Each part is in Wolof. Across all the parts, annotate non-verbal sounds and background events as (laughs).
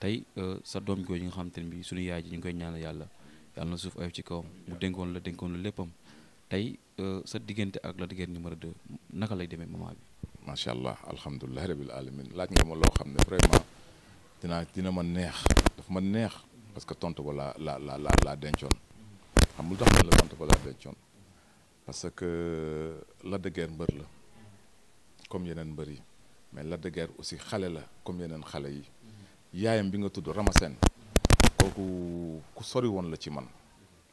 tey euh, sa doom yi nga xam te ne bi suñu yaay ji ñu ngi koy ñaan yàlla yàlla na suuf ayof ci kawam mu dénkoon la dénkoon la léppam tey euh, sa diggante ak la diggante numéro 2 naka lay demee moment bi. macha allah alhamdulilah rabil alamin laaj nga ma loo xam ne vraiment dinaa dina ma neex daf ma neex parce que tontu ba la la la laa dencoon xam lu tax man la tontu ba laa dencoon parce que Lac de Guiers mbër la comme yeneen mbër yi mais la de Guiers aussi xale la comme yeneen xale yi. yaayam bi nga tudd Ramassène kooku ku sori woon la ci man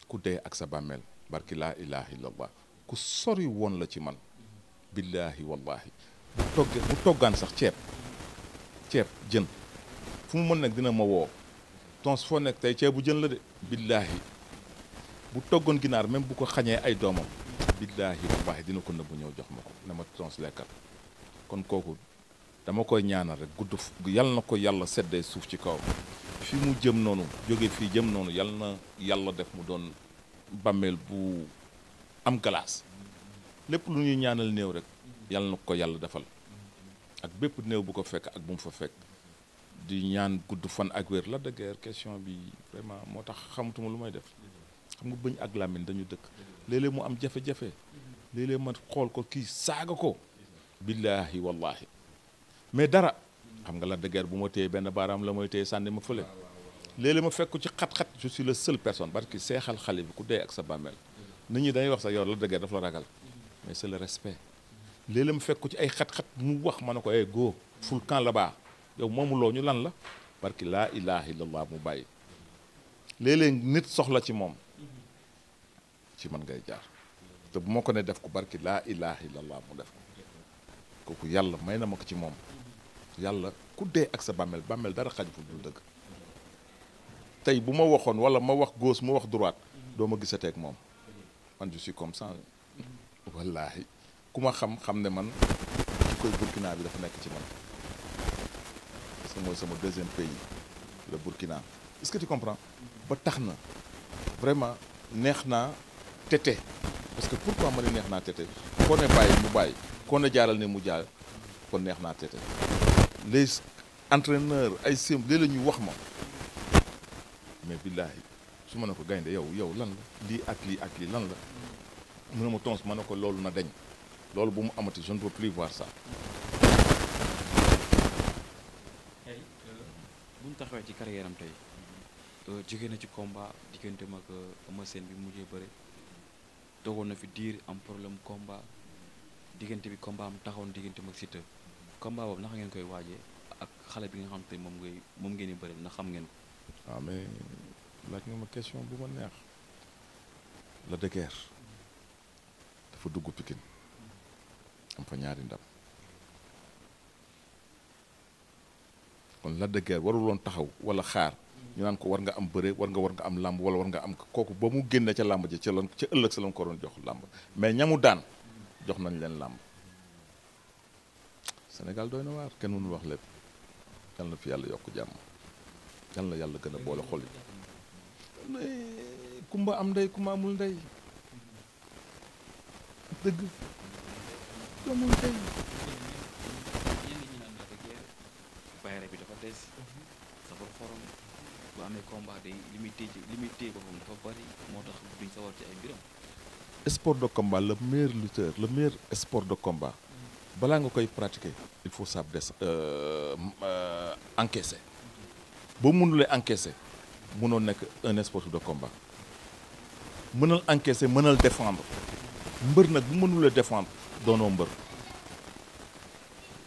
ku dee ak sa bàmmeel barki laa ilaha illallah ku sori woon la ci man billahi wallahi bu togge bu toggaan sax ceeb ceeb jën fu mu mën nag dina ma woo tons foo nekk tey ceebu jën la de billaahi bu toggoon ginaar même bu ko xañee ay doomam billaahi wallahi dina ko nëbbu ñëw jox ma ko ne ma tons kon kooku dama koy ñaanal rek gudd yal na ko yàlla seddee suuf ci kaw fi mu jëm noonu jóge fii jëm noonu yal na yàlla def mu doon bàmmeel bu am galaas lépp lu ñuy ñaanal néew rek yal na ko yàlla defal ak bépp néew bu ko fekk ak bu mu fa fekk di ñaan gudd fan ak wér la de question bi vraiment moo tax xamatuma lu may def xam nga bëñ ak làmmiñ dañu dëkk léeg mu am jafe-jafe léeg ma xool ko kii saaga ko billaahi wallaahi mais dara xam nga la de guerre bu ma téye benn baaraam la moy téye sànni ma fële léeg-léeg ma fekk ci khat khat je suis le seul personne parce que seexal xale ku ak sa bamel nit ñi dañuy wax sa yor la de guerre la ragal mais c'est le respect lele léeg ma fekk ci ay khat khat mu wax manako ne ay góo ful kan là-bas yow lo ñu lan la parce que ilaha illallah mu baye léeg nit soxla ci mom ci man ngay jaar te bu moko ne def ko barki la ilaha illallah mu def ko kooku yàlla may na ci mom yalla ku dee ak sa bàmmeel bàmmeel dara xajfu fu dul dëgg tey bu ma wala ma wax gauche ma wax droite do ma gissate ak mom man je suis comme ça wallahi kuma xam xam ne man ci koy Burkina bi dafa nek ci man parce que mooy sama deuxième pays le Burkina est-ce que tu comprends ba taxna vraiment neex naa tete parce que pourquoi ma ne neex naa tete koo ne bàyyi mu baye koo ne jaaral ne mu jaar kon neex naa tete les entraîneurs ay sémb lii lañu wax ma mais billahi su ma ne ko gaynde yow yow lan la lii ak lii ak lii lan la mu ma tons ma ne ko na deñ loolu bu mu amati je ne peux plus voir ça. tey euh, bu ñu taxawee ci carrière am tay euh, jóge na ci combat diggante mak euh, Eumeu Sène bi mujjee bëre toogoon na fi diir am problème combat diggante bi combat am taxawon diggante mak Siteu. combat boobu naka ngeen koy waajee ak xale bi nga xam te moom ngay moom ngeen di bëri na xam ngeen ko. waaw ah, mais laaj nga ma question bu ma neex. la de guerre dafa dugg Pikine am fa ñaari ndam kon la de guerre warul woon taxaw wala xaar. ñu naan ko war nga am bëre war nga war nga am làmb wala war nga am kooku ba mu génne ca làmb ji ca loon ca ëllëg sa lañ ko doon jox làmb mais ñamu daan jox nañ leen làmb. senegal doy na waar kenn mënul wax lépp yal fi yàlla yokk jàmm yal yàlla gën a boole xol yi kumba am ndey kumba amul ndey dëgg bi dafa des safar xorom bu amee combat day li muy téye li muy téye boppam dafa bari moo tax duñ sawar ci ay mbiram sport de combat le meilleur lutteur le meilleur sport de combat balaa nga koy pratiquer il faut savoir euh, euh, encaisser bo mënulee encaisser mënoo nekk un sportif de combat mënal encaisser mënal défendre mbeur nak bu mënulee défendre doonoo mbeur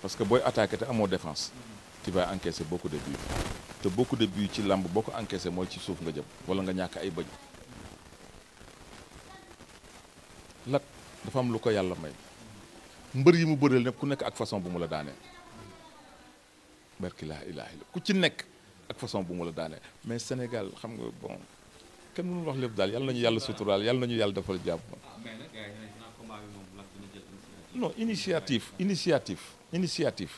parce que boy attaquer té amo défense tu vas encaisser beaucoup de buts te beaucoup de buts ci lamb boko encaisser moy ci souf nga jëm wala nga ñak ay bëñ lat dafa am lu ko yalla may mbër yi mu bëreel nekk ku nekk ak façon bu mu la daanee barki ku ci nekk façon bu mu la daanee mais Sénégal xam nga bon kenn mënul wax lépp daal yàlla nañu yàlla suturaal yàlla nañu yàlla defal jàpp. Ah, non initiative initiative initiative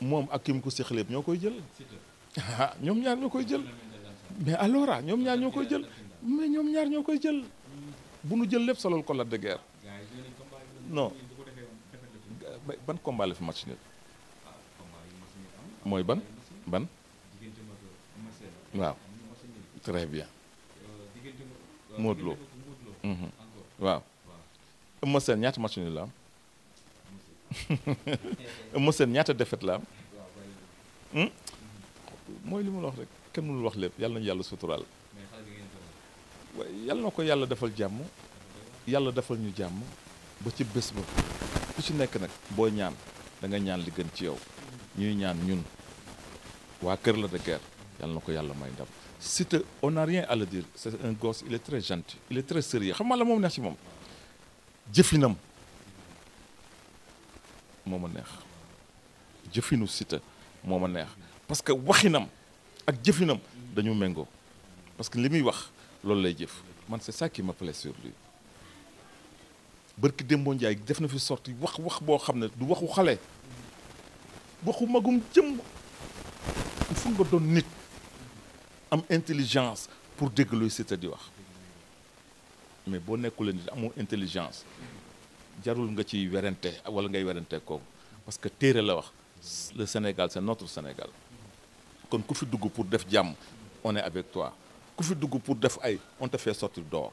moom ak ki mu ko séqalee ñoo koy jël ah, ñoom ñaar ñoo koy jël mais alors ñoom ñaar ñoo koy jël mais ñoom ñaar ñoo koy jël mm. bu nu jël lépp solal ko la de guerre ban combat la fi match nul mooy ban ban waaw très bien Modou Lo mhm. waaw Eumeu Sène ñaata match la am (laughs) Eumeu Sène ñaata défaite la am hmm? mooy li ma la wax rek kenn mënul wax lépp yàlla nañu yàlla suturaal yàlla na ko yàlla defal jàmm yàlla defal ñu jàmm ba ci bés ba ku si nekk nag boo ñaan da nga ñaan li gën ci yow ñuy ñaan ñun waa Kër la de guerre yàlla na ko yàlla may ndam site on a rien à le dire c'est un gosse il est très gentil il est très sérieux xam nga la moom neex ci moom jëfinam moo ma neex jëfinu site moo ma neex parce que waxinam ak jëfinam dañu méngoo parce que li muy wax loolu lay jëf man c'est ça qui me plaît sur lui barki dembo Ndiaye def na fi sorti wax wax bo xam du waxu xalé waxu magum jëm il faut nga doon nit am intelligence pour dégg looy di wax mais boo nekkule nit amoo intelligence jarul nga ci werante wala ngay werante kooku parce que téré la wax le Sénégal c'est notre Sénégal kon ku fi dugg pour def jam on est avec toi ku fi dugg pour def ay on te fait sortir dehors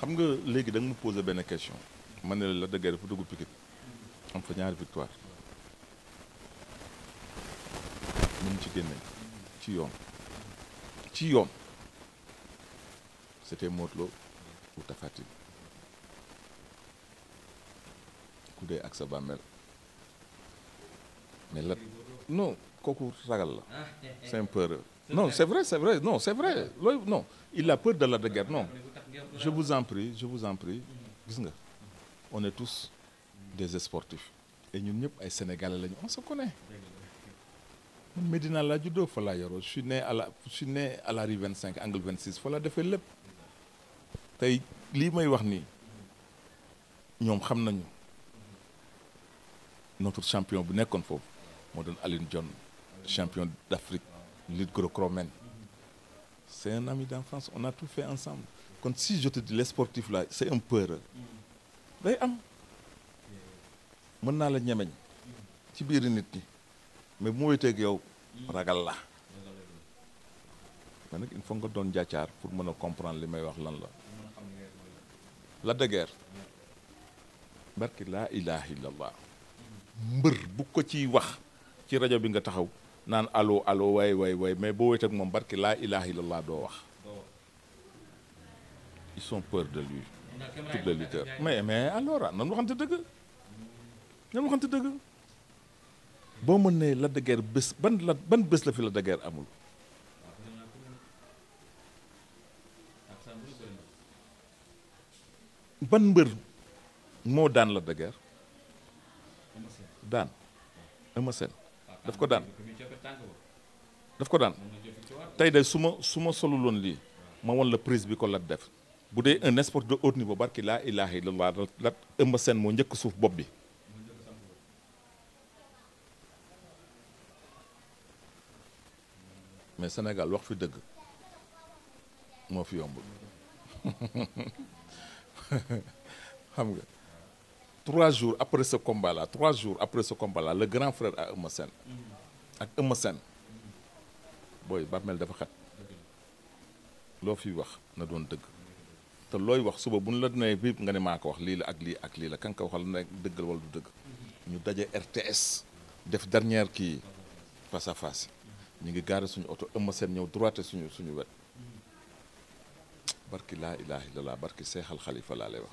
xam nga léegi da nga poser posé question Je ne la de une une am fa victoire ñu ci ci ci c'était motlo, ou ak sa mais la non ah. (laughs) c'est un peu. non c'est vrai c'est vrai non c'est vrai non il a peur de la guerre non je vous en prie je vous en prie on est tous des sportifs et nous, ñëpp ay sénégalais on se connaît Medina la judo je suis né à la je suis né à la rue 25 angle 26 fa faut defee lépp tey ce may wax ni ñom xam nañu notre champion bu nekkoon foofu moo Aline John champion d'Afrique, lutte gréco C'est un ami d'enfance, on a tout fait ensemble. Quand si je te dis les sportifs là, c'est un peur. day am mën naa la ñemeñ ci biir nit mais bu ma wéeteeg yow ragal la mais il faut nga des jàccaar pour mën comprendre li may wax lan la la dëgër barki laa ilaha illallah mbër bu ko ciy wax ci rajo bi nga taxaw naan allo allo way way way mais bo wéet ak mom barki la ilaha illallah do wax ils sont peur de lui tous les lutteurs mais mais alors ah, nan waxante deug nan waxante deug bo mën ne Lac de guerre bés ban la ban bés la fi la de guerre amul ban mbeur mo daan la de guerre daan Eumeu Sène daf ko daan daf ko daan tey de su ma su ma soluloon lii ma won la prise bi ko lat def bu dee un sport de haut niveau barki laa ilaaha illallah lat ëmb seen moo njëkk suuf bopp bi mais Sénégal wax fi dëgg moo fi yombul (laughs) xam nga trois jours après ce combat-là trois jours après ce combat-là le grand frère à Eumeu Sène ak Eumeu Sène booy bàmmeel dafa xat loo fiy wax na doon dëgg te loy wax suba buñ la nee bii nga ne maa wax li la ak li ak li la kan ko waxal ne dëggal wala du dëgg ñu dajé RTS def dernière kii face à face ñi ngi gaare suñu auto Eumeu Sène ñëw droite suñu suñu wet barki laa ilaaha illallaah barki seexal khalifa la lay wax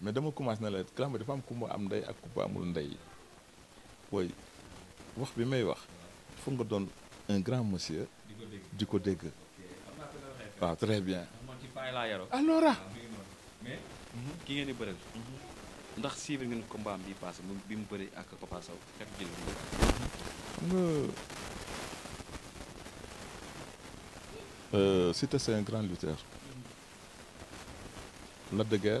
mais dama commencé na la lamb dafa am kumba am nday ak kumba amul nday booy wax bi may wax foog nga doon un grand monsieur. diko ko dégg waaw très bien. alors. Ah, mais ki ngeen di bëreel. ndax suivre ngeen combat bi passé bi bimu beure ak Papa saw fekk jël xam nga euh, Siteu c'est un grand lutteur. Lac de Guiers.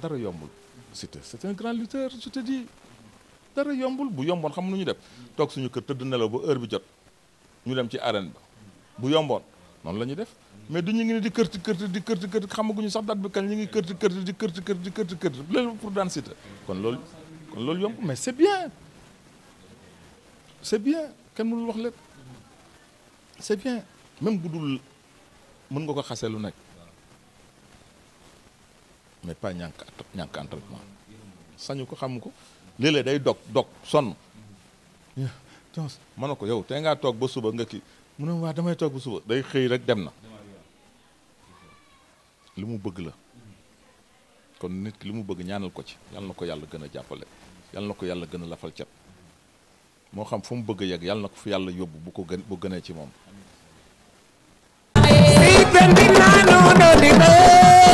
dara yombul Siteu c'est un grand lutteur je te dis dara yombul bu yombon xam nu ñu def tok suñu kër tëdd nelaw bu heure bi jot ñu dem ci arène ba bu yombon non lañu def mais du ñu ngi ne di kërti kërti di kërti kërti xamaguñu sax date bi kañ ñu ngi kërti kërti di kërti kërti di kërti kërti lépp pour daan Siteu kon lool kon lool yomb mais c'est bien c'est bien kenn mënul wax lépp c'est bien même bu dul mën nga ko xasee lu nekk mais pas ñàkk ñàkk entraînement sañu ko xam ko léeg-léeg day dog dog sonn Joos ma ne ko yow tey ngaa toog ba suba nga kii mu ne waa damay toog ba suba day xëy rek dem na li mu bëgg la kon nit ki li mu bëgg ñaanal ko ci yàlla na ko yàlla gën a jàppale yàlla na ko yàlla gën a lafal cat moo xam fu mu bëgg a yegg yàlla na ko fi yàlla yóbbu bu ko gën bu gënee ci moom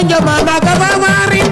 கொஞ்சமா நகரவாரி